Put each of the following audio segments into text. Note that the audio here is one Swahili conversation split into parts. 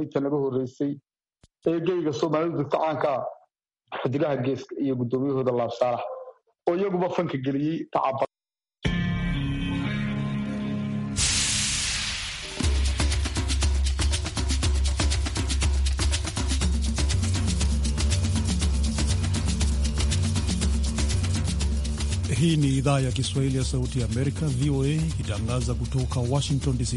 midka naga horreysay eegeyga soomaalida durtacaankaa xidigaha geeska iyo guddoomiyahooda laab oo iyaguba fanka geliyey tacab Hii ni idhaa ya Kiswahili ya Sauti ya Amerika, VOA, ikitangaza kutoka Washington DC.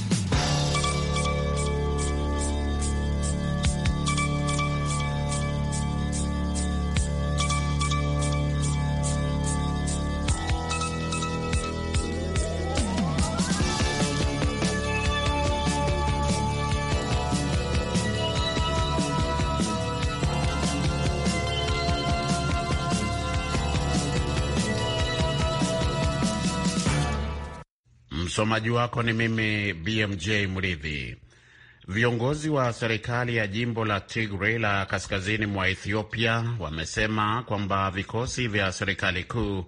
msomaji wako ni mimi BMJ Mridhi. Viongozi wa serikali ya jimbo la Tigray la kaskazini mwa Ethiopia wamesema kwamba vikosi vya serikali kuu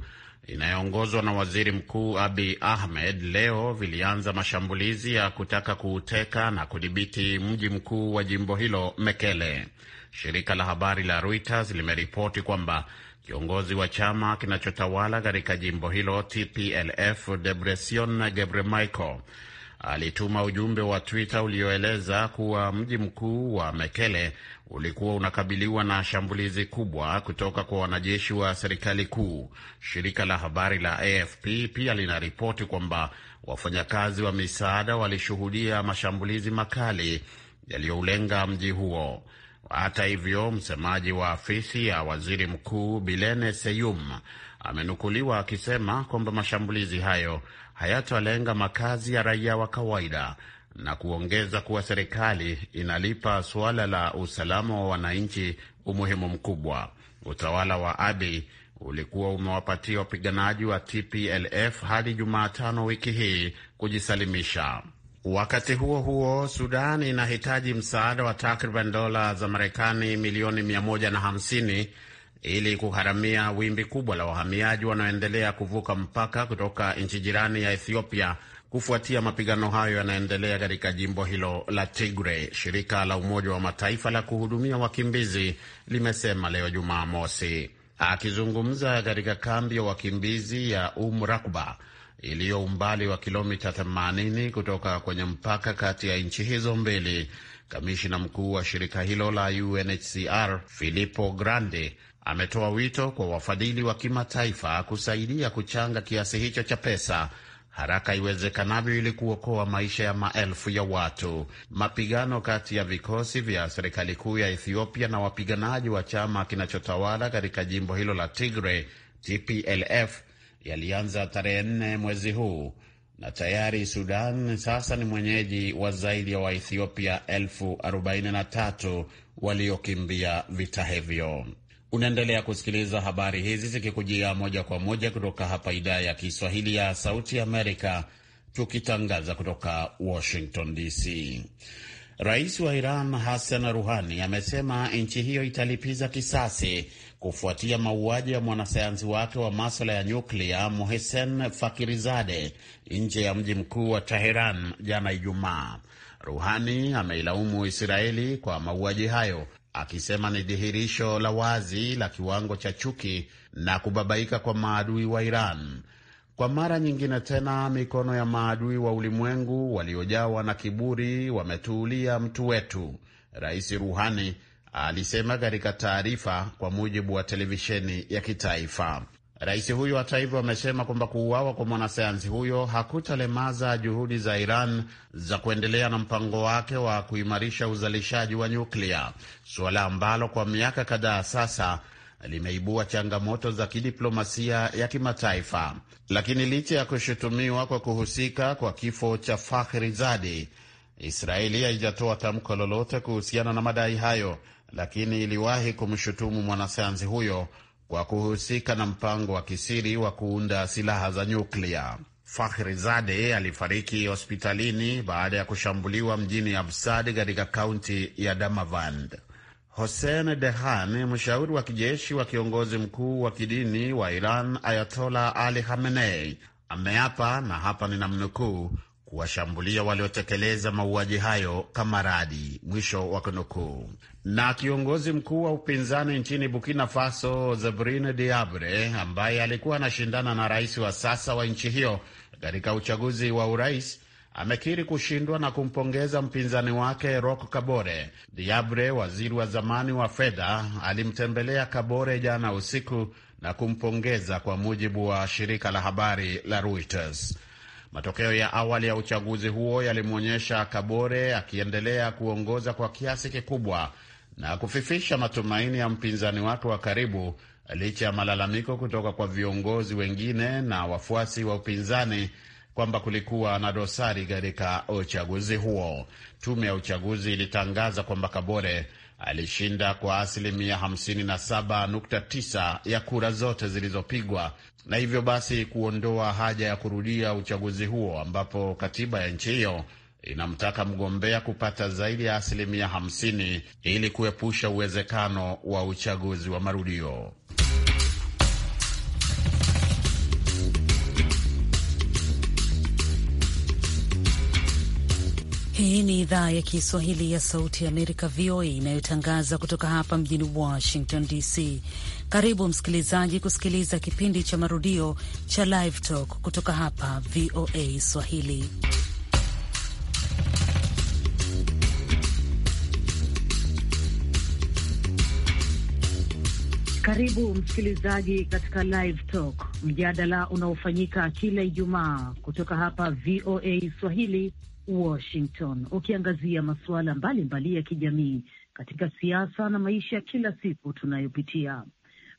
inayoongozwa na waziri mkuu Abiy Ahmed leo vilianza mashambulizi ya kutaka kuuteka na kudhibiti mji mkuu wa jimbo hilo Mekele. Shirika la habari la Reuters limeripoti kwamba Kiongozi wa chama kinachotawala katika jimbo hilo TPLF, Debresion Gebremichael alituma ujumbe wa Twitter ulioeleza kuwa mji mkuu wa Mekele ulikuwa unakabiliwa na shambulizi kubwa kutoka kwa wanajeshi wa serikali kuu. Shirika la habari la AFP pia linaripoti kwamba wafanyakazi wa misaada walishuhudia mashambulizi makali yaliyoulenga mji huo. Hata hivyo, msemaji wa afisi ya waziri mkuu Bilene Seyum amenukuliwa akisema kwamba mashambulizi hayo hayatalenga makazi ya raia wa kawaida na kuongeza kuwa serikali inalipa suala la usalama wa wananchi umuhimu mkubwa. Utawala wa Abi ulikuwa umewapatia wapiganaji wa TPLF hadi Jumatano wiki hii kujisalimisha. Wakati huo huo, Sudan inahitaji msaada wa takriban dola za Marekani milioni 150 ili kugharamia wimbi kubwa la wahamiaji wanaoendelea kuvuka mpaka kutoka nchi jirani ya Ethiopia kufuatia mapigano hayo yanaendelea katika jimbo hilo la tigre Shirika la Umoja wa Mataifa la kuhudumia wakimbizi limesema leo Jumamosi. Akizungumza katika kambi ya wakimbizi ya Umrakba iliyo umbali wa kilomita 80 kutoka kwenye mpaka kati ya nchi hizo mbili. Kamishina mkuu wa shirika hilo la UNHCR Filippo Grandi ametoa wito kwa wafadhili wa kimataifa kusaidia kuchanga kiasi hicho cha pesa haraka iwezekanavyo ili kuokoa maisha ya maelfu ya watu. Mapigano kati ya vikosi vya serikali kuu ya Ethiopia na wapiganaji wa chama kinachotawala katika jimbo hilo la tigre TPLF yalianza tarehe nne mwezi huu na tayari Sudan sasa ni mwenyeji wa zaidi ya Waethiopia elfu arobaini na tatu waliokimbia vita hivyo. Unaendelea kusikiliza habari hizi zikikujia moja kwa moja kutoka hapa idhaa ya Kiswahili ya Sauti Amerika, tukitangaza kutoka Washington DC. Rais wa Iran Hassan Ruhani amesema nchi hiyo italipiza kisasi kufuatia mauaji ya mwanasayansi wake wa maswala ya nyuklia Mohsen Fakirizade nje ya mji mkuu wa Teheran jana Ijumaa. Ruhani ameilaumu Israeli kwa mauaji hayo akisema ni dhihirisho la wazi la kiwango cha chuki na kubabaika kwa maadui wa Iran. Kwa mara nyingine tena, mikono ya maadui wa ulimwengu waliojawa na kiburi wametuulia mtu wetu, Rais Ruhani alisema katika taarifa, kwa mujibu wa televisheni ya kitaifa. Rais huyo hata hivyo amesema kwamba kuuawa kwa mwanasayansi huyo hakutalemaza juhudi za Iran za kuendelea na mpango wake wa kuimarisha uzalishaji wa nyuklia, suala ambalo kwa miaka kadhaa sasa limeibua changamoto za kidiplomasia ya kimataifa. Lakini licha ya kushutumiwa kwa kuhusika kwa kifo cha zadi Israeli haijatoa tamko lolote kuhusiana na madai hayo lakini iliwahi kumshutumu mwanasayansi huyo kwa kuhusika na mpango wa kisiri wa kuunda silaha za nyuklia. Fakhrizade alifariki hospitalini baada ya kushambuliwa mjini Absad katika kaunti ya Damavand. Hossein dehan mshauri wa kijeshi wa kiongozi mkuu wa kidini wa Iran Ayatola Ali Khamenei, ameapa na hapa ninamnukuu kuwashambulia waliotekeleza mauaji hayo kama radi. Mwisho wa kunukuu. Na kiongozi mkuu wa upinzani nchini Burkina Faso Zebrin Diabre, ambaye alikuwa anashindana na rais wa sasa wa nchi hiyo katika uchaguzi wa urais amekiri kushindwa na kumpongeza mpinzani wake rok Kabore. Diabre, waziri wa zamani wa fedha, alimtembelea Kabore jana usiku na kumpongeza, kwa mujibu wa shirika la habari la Reuters. Matokeo ya awali ya uchaguzi huo yalimwonyesha Kabore akiendelea kuongoza kwa kiasi kikubwa na kufifisha matumaini ya mpinzani wake wa karibu licha ya malalamiko kutoka kwa viongozi wengine na wafuasi wa upinzani kwamba kulikuwa na dosari katika uchaguzi huo. Tume ya uchaguzi ilitangaza kwamba Kabore alishinda kwa asilimia 57.9 ya kura zote zilizopigwa na hivyo basi kuondoa haja ya kurudia uchaguzi huo ambapo katiba ya nchi hiyo inamtaka mgombea kupata zaidi ya asilimia 50 ili kuepusha uwezekano wa uchaguzi wa marudio. Hii ni idhaa ya Kiswahili ya Sauti ya Amerika, VOA, inayotangaza kutoka hapa mjini Washington DC. Karibu msikilizaji kusikiliza kipindi cha marudio cha Live Talk kutoka hapa VOA Swahili. Karibu msikilizaji katika Live Talk, mjadala unaofanyika kila Ijumaa kutoka hapa VOA Swahili Washington, ukiangazia masuala mbalimbali ya kijamii katika siasa na maisha ya kila siku tunayopitia.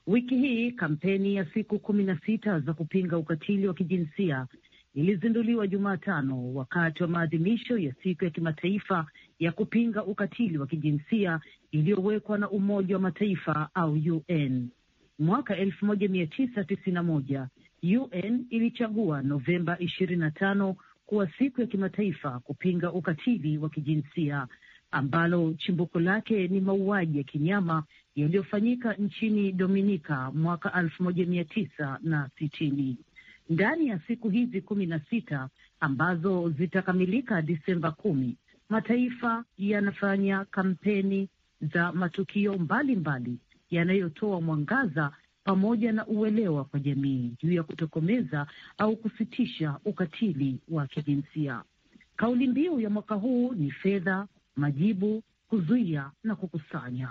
Wiki hii kampeni ya siku kumi na sita za kupinga ukatili wa kijinsia ilizinduliwa Jumatano wakati wa maadhimisho ya siku ya kimataifa ya kupinga ukatili wa kijinsia iliyowekwa na Umoja wa Mataifa au UN. Mwaka moja. UN ilichagua Novemba kuwa siku ya kimataifa kupinga ukatili wa kijinsia ambalo chimbuko lake ni mauaji ya kinyama yaliyofanyika nchini Dominika mwaka na sitini Ndani ya siku hizi kumi na sita ambazo zitakamilika Disemba kumi, mataifa yanafanya kampeni za matukio mbalimbali yanayotoa mwangaza pamoja na uelewa kwa jamii juu ya kutokomeza au kusitisha ukatili wa kijinsia. Kauli mbiu ya mwaka huu ni fedha, majibu, kuzuia na kukusanya.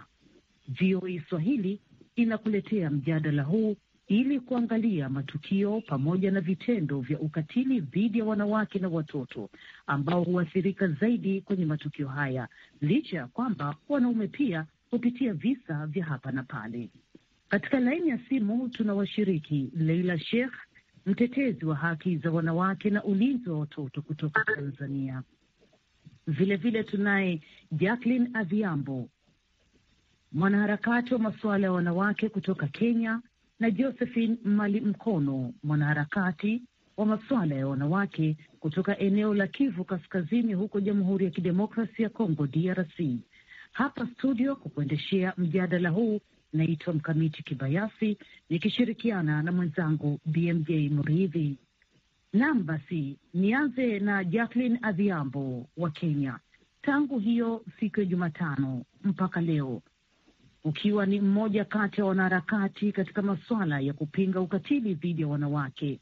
VOA e Swahili inakuletea mjadala huu ili kuangalia matukio pamoja na vitendo vya ukatili dhidi ya wanawake na watoto ambao huathirika zaidi kwenye matukio haya, licha ya kwamba wanaume pia hupitia visa vya hapa na pale. Katika laini ya simu tuna washiriki Leila Sheikh, mtetezi wa haki za wanawake na ulinzi wa watoto kutoka Tanzania. Vilevile tunaye Jacqueline Adhiambo, mwanaharakati wa masuala ya wanawake kutoka Kenya, na Josephine Mali Mkono, mwanaharakati wa masuala ya wanawake kutoka eneo la Kivu Kaskazini huko Jamhuri ya Kidemokrasi ya Kongo, DRC. Hapa studio kukuendeshea mjadala huu Naitwa Mkamiti Kibayasi nikishirikiana na mwenzangu BMJ Mridhi. Nam, basi nianze na Jacqueline Adhiambo wa Kenya. Tangu hiyo siku ya Jumatano mpaka leo, ukiwa ni mmoja kati ya wanaharakati katika masuala ya kupinga ukatili dhidi ya wanawake,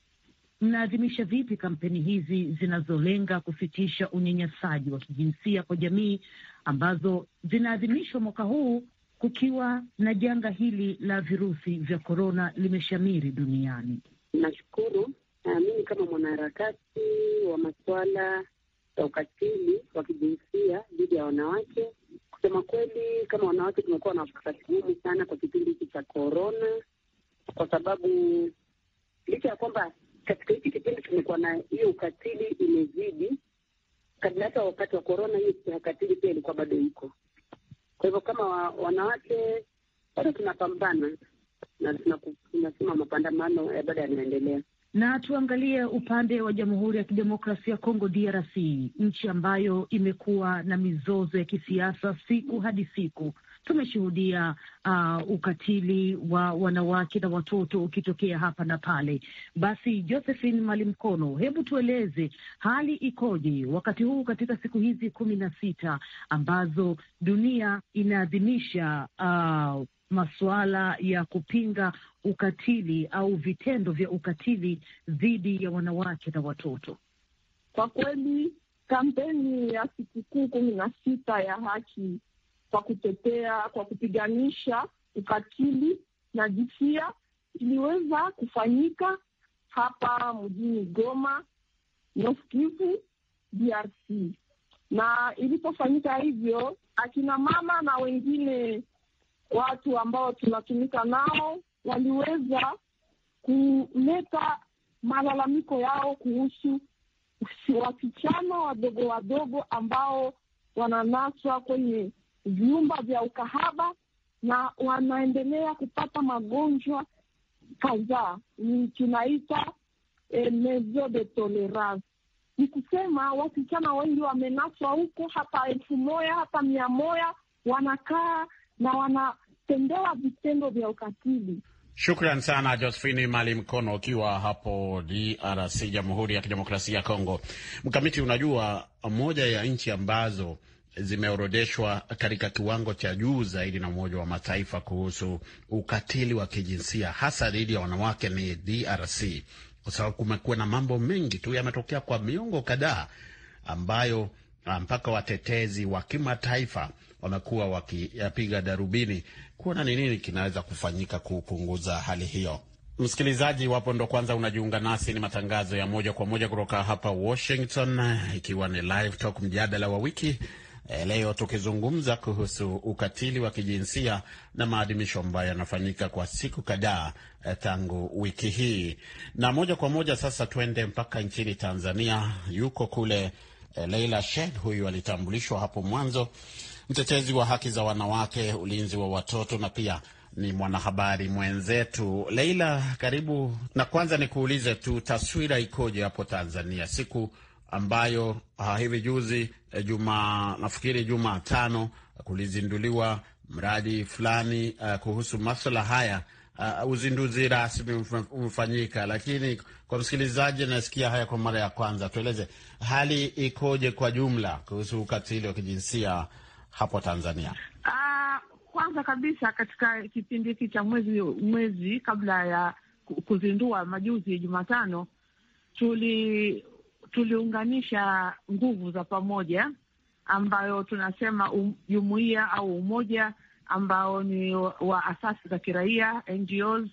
mnaadhimisha vipi kampeni hizi zinazolenga kusitisha unyanyasaji wa kijinsia kwa jamii ambazo zinaadhimishwa mwaka huu kukiwa na janga hili la virusi vya korona limeshamiri duniani. Nashukuru na ah, mimi kama mwanaharakati wa masuala ya ukatili wa kijinsia dhidi ya wanawake, kusema kweli, kama wanawake tumekuwa na wakati gumu sana kwa kipindi hiki cha korona, kwa sababu licha ya kwamba katika hiki kipindi tumekuwa na hiyo ukatili imezidi, kabla hata wakati wa korona hiyo ukatili pia ilikuwa bado iko kwa hivyo kama wanawake bado tunapambana na tunasema mapandamano ya bado yanaendelea. Na tuangalie upande wa Jamhuri ya Kidemokrasia ya Kongo, DRC, nchi ambayo imekuwa na mizozo ya kisiasa siku hadi siku tumeshuhudia uh, ukatili wa wanawake na watoto ukitokea hapa na pale. Basi Josephine Malimkono, hebu tueleze hali ikoje wakati huu katika siku hizi kumi na sita ambazo dunia inaadhimisha uh, masuala ya kupinga ukatili au vitendo vya ukatili dhidi ya wanawake na watoto. Kwa kweli kampeni ya sikukuu kumi na sita ya haki kwa kutetea, kwa kupiganisha ukatili na jisia iliweza kufanyika hapa mjini Goma, North Kivu, DRC. Na ilipofanyika hivyo, akina mama na wengine watu ambao tunatumika nao waliweza kuleta malalamiko yao kuhusu wasichana wadogo wadogo ambao wananaswa kwenye vyumba vya ukahaba na wanaendelea kupata magonjwa kadhaa, tunaita eh, mezo de tolerance. Ni kusema wasichana wengi wamenaswa huko, hata elfu moja hata mia moja wanakaa na wanatendewa vitendo vya ukatili. Shukran sana Josephine Mali Mkono, ukiwa hapo DRC, Jamhuri ya Kidemokrasia ya Kongo. Mkamiti, unajua moja ya nchi ambazo zimeorodeshwa katika kiwango cha juu zaidi na Umoja wa Mataifa kuhusu ukatili wa kijinsia hasa dhidi ya wanawake ni DRC, kwa sababu kumekuwa na mambo mengi tu yametokea kwa miongo kadhaa ambayo ah, mpaka watetezi wa kimataifa wamekuwa wakiyapiga darubini kuona ni nini kinaweza kufanyika kupunguza hali hiyo. Msikilizaji wapo ndo kwanza unajiunga nasi, ni matangazo ya moja kwa moja kutoka hapa Washington, ikiwa ni Live Talk, mjadala wa wiki Eh, leo tukizungumza kuhusu ukatili wa kijinsia na maadhimisho ambayo yanafanyika kwa siku kadhaa eh, tangu wiki hii, na moja kwa moja sasa tuende mpaka nchini Tanzania. Yuko kule eh, Leila Sheikh, huyu alitambulishwa hapo mwanzo, mtetezi wa haki za wanawake, ulinzi wa watoto na pia ni mwanahabari mwenzetu. Leila, karibu. Na kwanza nikuulize tu, taswira ikoje hapo Tanzania siku ambayo uh, hivi juzi eh, juma nafikiri Jumatano eh, kulizinduliwa mradi fulani uh, kuhusu maswala haya. Uh, uzinduzi rasmi umefanyika, lakini kwa msikilizaji anasikia haya kwa mara ya kwanza, tueleze hali ikoje kwa jumla kuhusu ukatili wa kijinsia hapo Tanzania? Uh, kwanza kabisa katika kipindi hiki cha mwezi mwezi kabla ya kuzindua majuzi Jumatano, tuli tuliunganisha nguvu za pamoja ambayo tunasema um, jumuiya um, au umoja ambao ni wa asasi za kiraia NGOs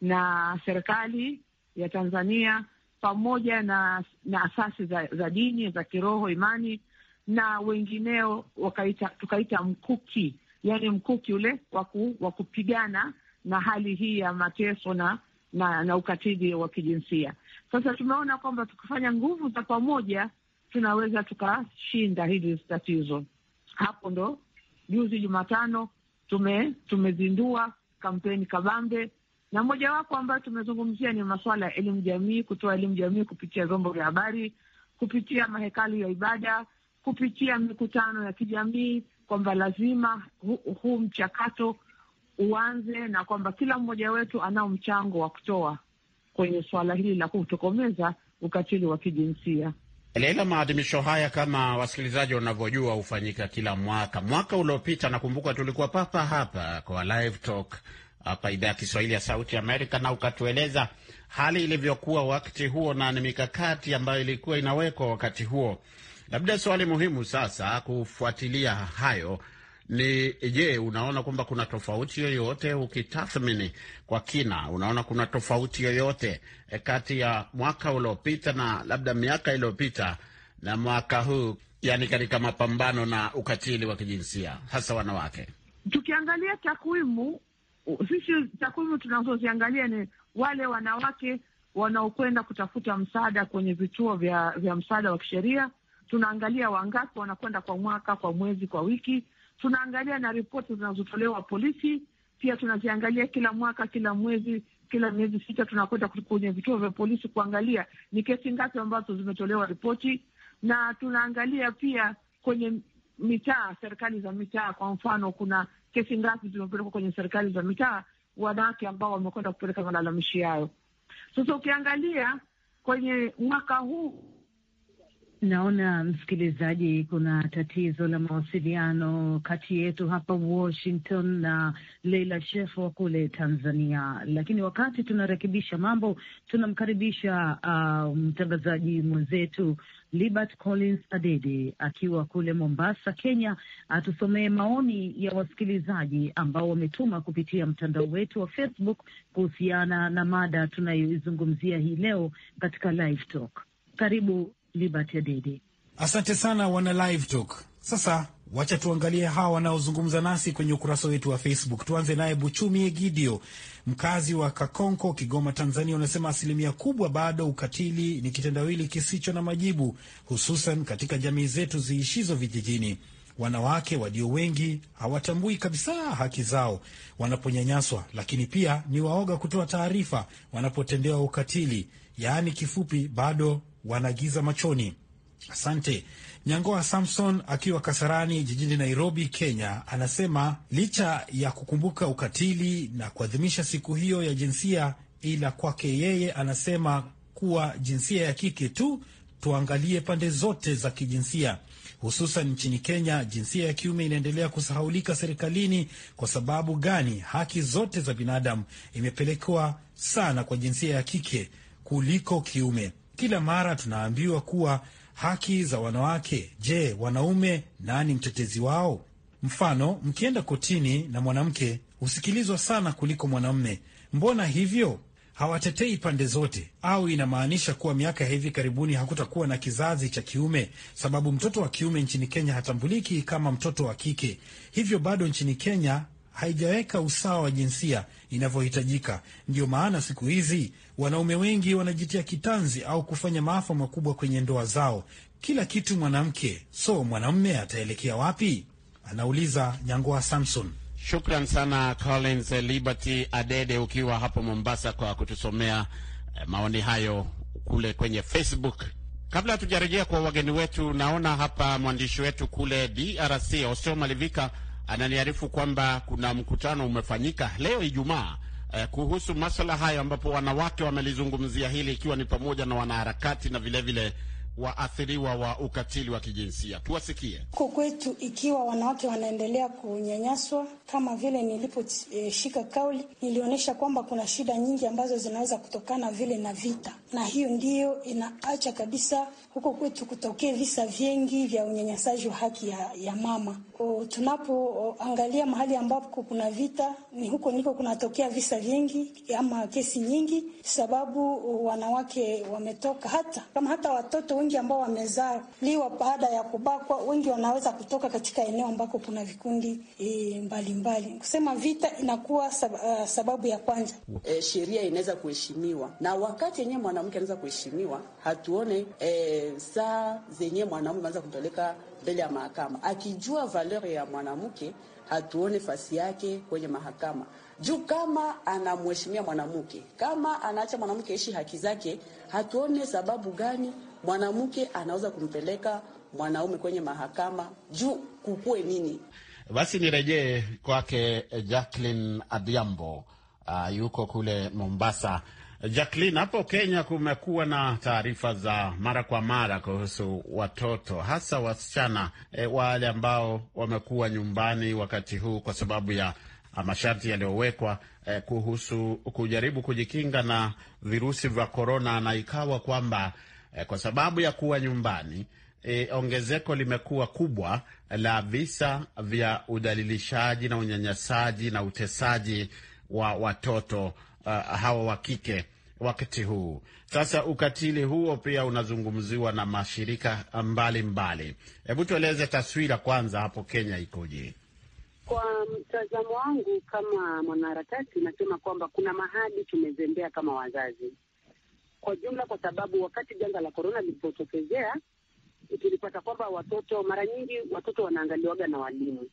na serikali ya Tanzania pamoja na, na asasi za, za dini za kiroho imani na wengineo wakaita, tukaita mkuki, yani mkuki ule wa kupigana na hali hii ya mateso na, na, na ukatili wa kijinsia. Sasa tumeona kwamba tukifanya nguvu za pamoja tunaweza tukashinda hili tatizo. Hapo ndo juzi Jumatano tume, tumezindua kampeni kabambe, na mojawapo ambayo tumezungumzia ni masuala ya elimu jamii, kutoa elimu jamii kupitia vyombo vya habari, kupitia mahekalu ya ibada, kupitia mikutano ya kijamii, kwamba lazima huu hu mchakato uanze na kwamba kila mmoja wetu anao mchango wa kutoa kwenye suala hili la kutokomeza ukatili wa kijinsia. Leila, maadhimisho haya kama wasikilizaji wanavyojua hufanyika kila mwaka. Mwaka uliopita nakumbuka tulikuwa papa hapa kwa live talk hapa idhaa ya Kiswahili ya Sauti Amerika, na ukatueleza hali ilivyokuwa wakati huo na ni mikakati ambayo ilikuwa inawekwa wakati huo. Labda swali muhimu sasa kufuatilia hayo ni je, unaona kwamba kuna tofauti yoyote ukitathmini kwa kina, unaona kuna tofauti yoyote e, kati ya mwaka uliopita na labda miaka iliyopita na mwaka huu, yani katika mapambano na ukatili wa kijinsia hasa wanawake? Tukiangalia takwimu, sisi takwimu tunazoziangalia ni wale wanawake wanaokwenda kutafuta msaada kwenye vituo vya, vya msaada wa kisheria. Tunaangalia wangapi wanakwenda kwa mwaka, kwa mwezi, kwa wiki tunaangalia na ripoti zinazotolewa polisi, pia tunaziangalia kila mwaka, kila mwezi, kila miezi sita, tunakwenda kwenye vituo vya polisi kuangalia ni kesi ngapi ambazo zimetolewa ripoti, na tunaangalia pia kwenye mitaa, serikali za mitaa. Kwa mfano, kuna kesi ngapi zimepelekwa kwenye serikali za mitaa, wanawake ambao wamekwenda kupeleka malalamishi yayo. Sasa ukiangalia kwenye mwaka huu Naona msikilizaji, kuna tatizo la mawasiliano kati yetu hapa Washington na Leila Shefo wa kule Tanzania, lakini wakati tunarekebisha mambo, tunamkaribisha uh, mtangazaji mwenzetu Libert Collins Adede akiwa kule Mombasa, Kenya, atusomee maoni ya wasikilizaji ambao wametuma kupitia mtandao wetu wa Facebook kuhusiana na mada tunayoizungumzia hii leo katika Live Talk. Karibu Liberty Dede. Asante sana wana Live Talk. Sasa wacha tuangalie hawa wanaozungumza nasi kwenye ukurasa wetu wa Facebook. Tuanze naye Buchumi Egidio, mkazi wa Kakonko, Kigoma, Tanzania. Unasema asilimia kubwa bado ukatili ni kitendawili kisicho na majibu, hususan katika jamii zetu ziishizo vijijini. Wanawake walio wengi hawatambui kabisa haki zao wanaponyanyaswa, lakini pia ni waoga kutoa taarifa wanapotendewa ukatili, yaani kifupi, bado wanagiza machoni. Asante Nyangoa Samson akiwa Kasarani jijini Nairobi, Kenya, anasema licha ya kukumbuka ukatili na kuadhimisha siku hiyo ya jinsia, ila kwake yeye anasema kuwa jinsia ya kike tu, tuangalie pande zote za kijinsia. Hususan nchini Kenya, jinsia ya kiume inaendelea kusahaulika serikalini. Kwa sababu gani? Haki zote za binadamu imepelekewa sana kwa jinsia ya kike kuliko kiume. Kila mara tunaambiwa kuwa haki za wanawake. Je, wanaume nani mtetezi wao? Mfano, mkienda kotini na mwanamke husikilizwa sana kuliko mwanaume Mbona hivyo? Hawatetei pande zote, au inamaanisha kuwa miaka ya hivi karibuni hakutakuwa na kizazi cha kiume, sababu mtoto wa kiume nchini Kenya hatambuliki kama mtoto wa kike. Hivyo bado nchini Kenya haijaweka usawa wa jinsia inavyohitajika. ndio maana siku hizi wanaume wengi wanajitia kitanzi au kufanya maafa makubwa kwenye ndoa zao. Kila kitu mwanamke, so mwanaume ataelekea wapi? Anauliza Nyangoa Samson. Shukran sana Collins Liberty Adede, ukiwa hapo Mombasa, kwa kutusomea eh, maoni hayo kule kwenye Facebook. Kabla hatujarejea kwa wageni wetu, naona hapa mwandishi wetu kule DRC Oseo Malivika ananiarifu kwamba kuna mkutano umefanyika leo Ijumaa eh, kuhusu masuala hayo ambapo wanawake wamelizungumzia hili ikiwa ni pamoja na wanaharakati na vilevile waathiriwa wa ukatili wa kijinsia. Tuwasikie. Huko kwetu, ikiwa wanawake wanaendelea kunyanyaswa, kama vile niliposhika eh, e, kauli, nilionyesha kwamba kuna shida nyingi ambazo zinaweza kutokana vile na vita, na hiyo ndiyo inaacha kabisa huko kwetu kutokea visa vingi vya unyanyasaji wa haki ya, ya mama. Tunapoangalia mahali ambapo kuna vita ni huko niko kunatokea visa vingi ama kesi nyingi, sababu wanawake wametoka, hata kama hata watoto wengi ambao wamezaliwa baada ya kubakwa, wengi wanaweza kutoka katika eneo ambako kuna vikundi mbalimbali e, mbali. Kusema vita inakuwa sab, uh, sababu ya kwanza e, sheria inaweza kuheshimiwa na wakati yenyewe mwanamke anaweza kuheshimiwa, hatuone e, e, saa zenye mwanamume anaweza kutoleka mbele ya mahakama, akijua valeur ya mwanamke hatuone fasi yake kwenye mahakama juu kama anamheshimia mwanamke, kama anaacha mwanamke ishi haki zake, hatuone sababu gani mwanamke anaweza kumpeleka mwanaume kwenye mahakama juu kukue nini? Basi nirejee kwake Jacqueline Adhiambo, uh, yuko kule Mombasa. Jacqueline, hapo Kenya kumekuwa na taarifa za mara kwa mara kuhusu watoto hasa wasichana e, wale ambao wamekuwa nyumbani wakati huu kwa sababu ya ah, masharti yaliyowekwa e, kuhusu kujaribu kujikinga na virusi vya korona, na ikawa kwamba e, kwa sababu ya kuwa nyumbani e, ongezeko limekuwa kubwa la visa vya udhalilishaji na unyanyasaji na utesaji wa watoto uh, hawa wa kike wakati huu. Sasa ukatili huo pia unazungumziwa na mashirika mbalimbali. Hebu tueleze taswira kwanza hapo Kenya ikoje? Kwa mtazamo wangu kama mwanaharakati, nasema kwamba kuna mahali tumezembea kama wazazi kwa jumla, kwa sababu wakati janga la korona lilipotokezea tulipata kwamba watoto mara nyingi watoto wanaangaliwaga na walimu,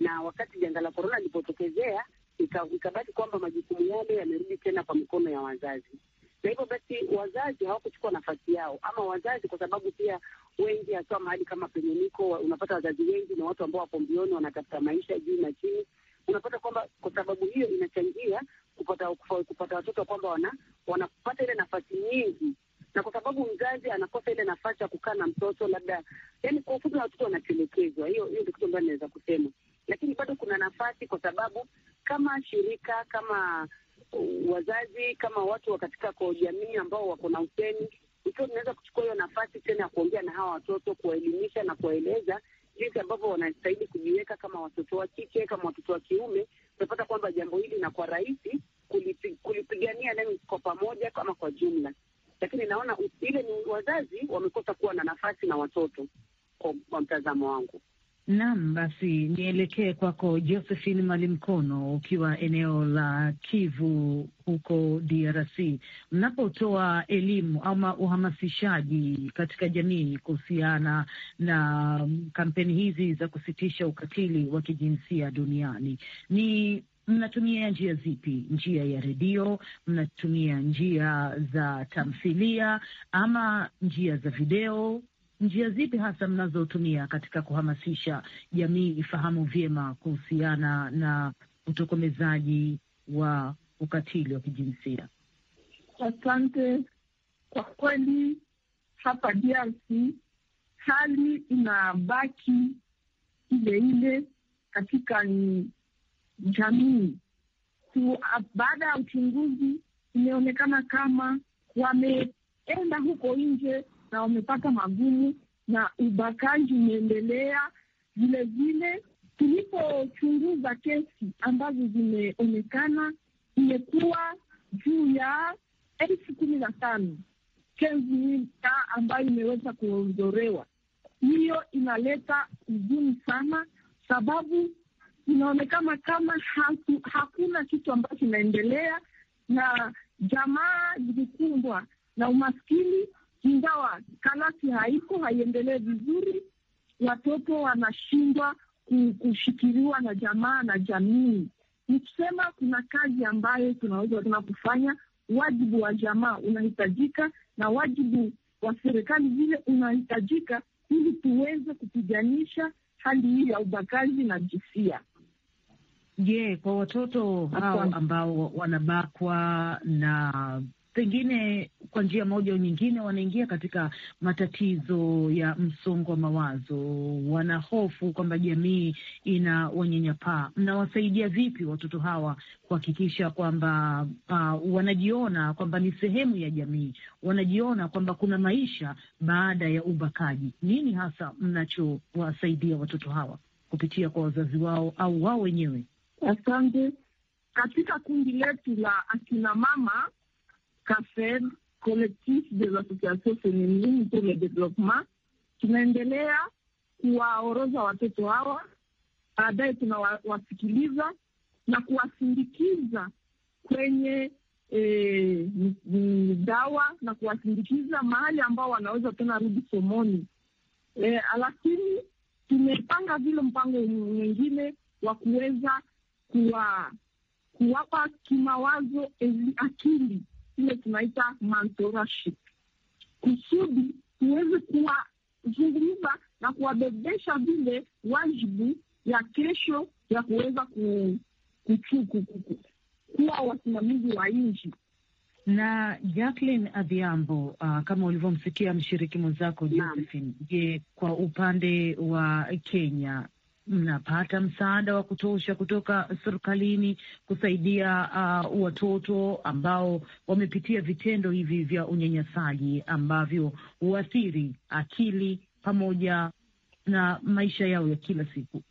na wakati janga la korona lilipotokezea ikabaki kwamba majukumu yale yamerudi tena kwa mikono ya wazazi, na hivyo basi wazazi hawakuchukua nafasi yao, ama wazazi, kwa sababu pia wengi, hasa mahali kama penye niko, unapata wazazi wengi na watu ambao wapo mbioni, wanatafuta maisha juu na chini, unapata kwamba kwa sababu hiyo inachangia kupata kupata watoto kwamba wana wanapata ile nafasi nyingi, na kwa sababu mzazi anakosa ile nafasi ya kukaa na mtoto labda, yani kwa ufupi watoto wanatelekezwa. Hiyo hiyo ndio kitu ambayo inaweza kusema, lakini bado kuna nafasi kwa sababu kama shirika, kama wazazi, kama watu wa katika kwa jamii ambao wako na useni ikiwa tunaweza kuchukua hiyo nafasi tena ya kuongea na hawa watoto, kuwaelimisha na kuwaeleza jinsi ambavyo wanastahili kujiweka kama watoto wa kike, kama watoto wa kiume, utapata kwamba jambo hili linakuwa rahisi kulipigania nani kwa pamoja kama kwa jumla. Lakini naona ile ni wazazi wamekosa kuwa na nafasi na watoto, kwa mtazamo wangu. Naam, basi nielekee kwako Josephine Malimkono, ukiwa eneo la Kivu huko DRC, mnapotoa elimu ama uhamasishaji katika jamii kuhusiana na kampeni hizi za kusitisha ukatili wa kijinsia duniani ni mnatumia njia zipi? Njia ya redio, mnatumia njia za tamthilia ama njia za video? njia zipi hasa mnazotumia katika kuhamasisha jamii ifahamu vyema kuhusiana na utokomezaji wa ukatili wa kijinsia? Asante. Kwa kweli hapa DRC hali inabaki ile ile katika jamii. Baada ya uchunguzi, imeonekana kama wameenda huko nje na wamepata magumu na ubakaji umeendelea vilevile. Tulipochunguza kesi ambazo zimeonekana, imekuwa juu ya elfu kumi na tano kesi ambayo imeweza kuondorewa. Hiyo inaleta huzuni sana, sababu inaonekana kama haku, hakuna kitu ambacho kinaendelea, na jamaa zilikumbwa na umaskini ingawa kalasi haiko haiendelee vizuri, watoto wanashindwa kushikiliwa na jamaa na jamii. Nikisema kuna kazi ambayo tunaweza tena kufanya, wajibu wa jamaa unahitajika na wajibu wa serikali vile unahitajika, ili tuweze kupiganisha hali hii ya ubakazi na jinsia. Je, yeah, kwa watoto hao ambao wanabakwa na pengine kwa njia moja au nyingine wanaingia katika matatizo ya msongo wa mawazo, wanahofu kwamba jamii ina wanyanyapaa. Mnawasaidia vipi watoto hawa kuhakikisha kwamba uh, wanajiona kwamba ni sehemu ya jamii, wanajiona kwamba kuna maisha baada ya ubakaji? Nini hasa mnachowasaidia watoto hawa kupitia kwa wazazi wao au wao wenyewe? Asante. Katika kundi letu la akina mama CAFED, collectif des associations féminines pour le développement. Tunaendelea kuwaoroza watoto hawa, baadaye tunawasikiliza na kuwasindikiza kwenye e, dawa na kuwasindikiza mahali ambao wanaweza tena rudi somoni. E, lakini tumepanga vile mpango mwingine wa kuweza kuwa kuwapa kimawazo akili ile tunaita mentorship, kusudi tuweze kuwazungumza na kuwabebesha vile wajibu ya kesho ya kuweza kuwa wasimamizi wa nchi na Jacqueline Adhiambo, uh, kama ulivyomsikia mshiriki mwenzako Josephine, je, kwa upande wa Kenya mnapata msaada wa kutosha kutoka serikalini kusaidia uh, watoto ambao wamepitia vitendo hivi vya unyanyasaji ambavyo huathiri akili pamoja na maisha yao ya kila siku?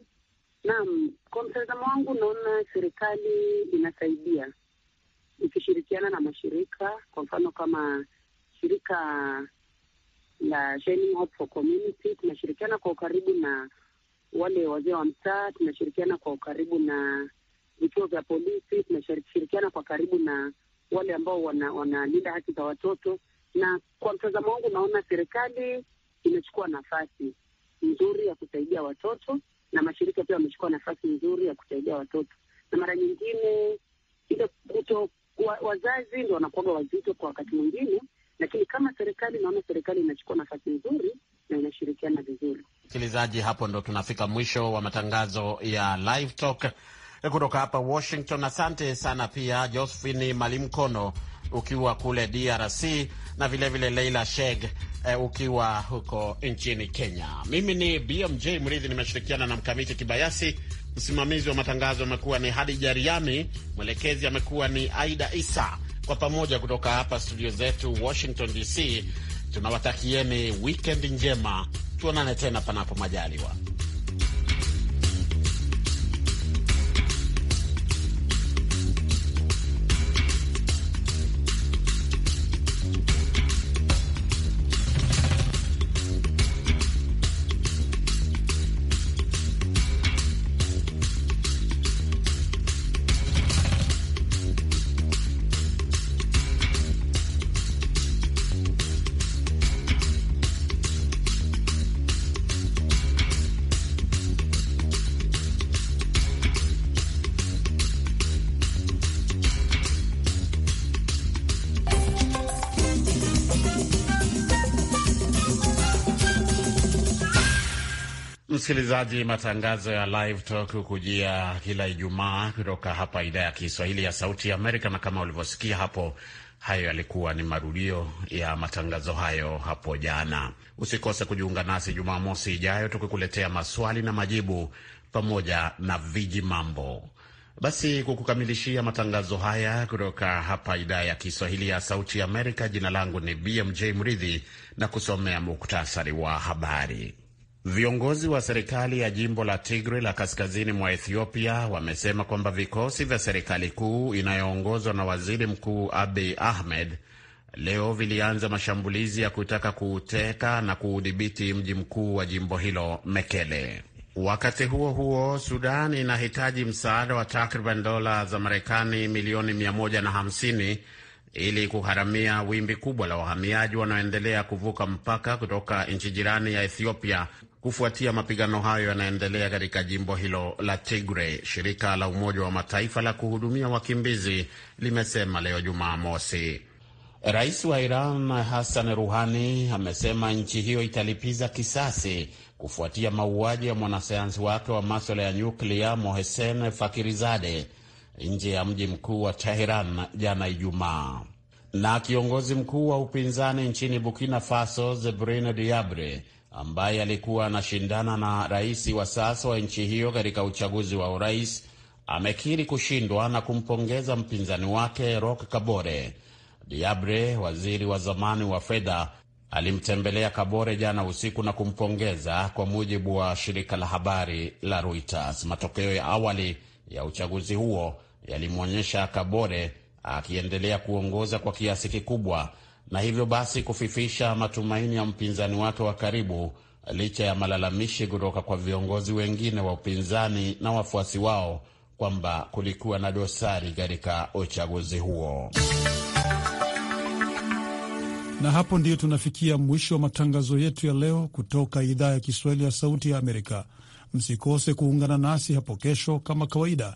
Naam, kwa mtazamo wangu naona serikali inasaidia ikishirikiana na mashirika, kwa mfano kama shirika la Shining Hope for Community tunashirikiana kwa ukaribu na wale wazee wa mtaa, tunashirikiana kwa ukaribu na vituo vya polisi, tunashirikiana kwa karibu na wale ambao wanalinda wana haki za watoto, na kwa mtazamo wangu naona serikali imechukua nafasi nzuri ya kusaidia watoto na mashirika pia wamechukua nafasi nzuri ya kusaidia watoto, na mara nyingine ile kuto wa, wazazi ndo wanakuwaga wazito kwa wakati mwingine, lakini kama serikali, naona serikali inachukua nafasi nzuri na inashirikiana vizuri. Msikilizaji, hapo ndo tunafika mwisho wa matangazo ya Live Talk kutoka hapa Washington. Asante sana pia Josephine Malimkono ukiwa kule DRC na vilevile vile Leila Sheg eh, ukiwa huko nchini Kenya. Mimi ni BMJ Mridhi, nimeshirikiana na Mkamiti Kibayasi. Msimamizi wa matangazo amekuwa ni Hadi Jariami, mwelekezi amekuwa ni Aida Isa. Kwa pamoja kutoka hapa studio zetu Washington DC, tunawatakieni wikendi njema tuonane tena panapo majaliwa. Msikilizaji, matangazo ya Live Talk hukujia kila Ijumaa kutoka hapa idhaa ya Kiswahili ya Sauti ya Amerika, na kama ulivyosikia hapo, hayo yalikuwa ni marudio ya matangazo hayo hapo jana. Usikose kujiunga nasi Jumamosi ijayo tukikuletea maswali na majibu pamoja na viji mambo. Basi kukukamilishia matangazo haya kutoka hapa idhaa ya Kiswahili ya Sauti ya Amerika, jina langu ni BMJ Mridhi na kusomea muktasari wa habari. Viongozi wa serikali ya jimbo la Tigray la kaskazini mwa Ethiopia wamesema kwamba vikosi vya serikali kuu inayoongozwa na waziri mkuu Abiy Ahmed leo vilianza mashambulizi ya kutaka kuuteka na kuudhibiti mji mkuu wa jimbo hilo Mekele. Wakati huo huo, Sudan inahitaji msaada wa takriban dola za Marekani milioni 150 ili kuharamia wimbi kubwa la wahamiaji wanaoendelea kuvuka mpaka kutoka nchi jirani ya Ethiopia kufuatia mapigano hayo yanaendelea katika jimbo hilo la tigre Shirika la Umoja wa Mataifa la kuhudumia wakimbizi limesema leo Jumamosi. Rais wa Iran Hassan Ruhani amesema nchi hiyo italipiza kisasi kufuatia mauaji ya mwanasayansi wake wa maswala ya nyuklia Mohsen Fakirizade nje ya mji mkuu wa Teheran jana Ijumaa. Na kiongozi mkuu wa upinzani nchini Burkina Faso Zebrin Diabre ambaye alikuwa anashindana na rais wa sasa wa nchi hiyo katika uchaguzi wa urais amekiri kushindwa na kumpongeza mpinzani wake rok Kabore. Diabre, waziri wa zamani wa fedha, alimtembelea Kabore jana usiku na kumpongeza, kwa mujibu wa shirika la habari la Reuters. Matokeo ya awali ya uchaguzi huo yalimwonyesha Kabore akiendelea kuongoza kwa kiasi kikubwa na hivyo basi kufifisha matumaini ya mpinzani wake wa karibu, licha ya malalamishi kutoka kwa viongozi wengine wa upinzani na wafuasi wao kwamba kulikuwa na dosari katika uchaguzi huo. Na hapo ndiyo tunafikia mwisho wa matangazo yetu ya leo kutoka idhaa ya Kiswahili ya Sauti ya Amerika. Msikose kuungana nasi hapo kesho kama kawaida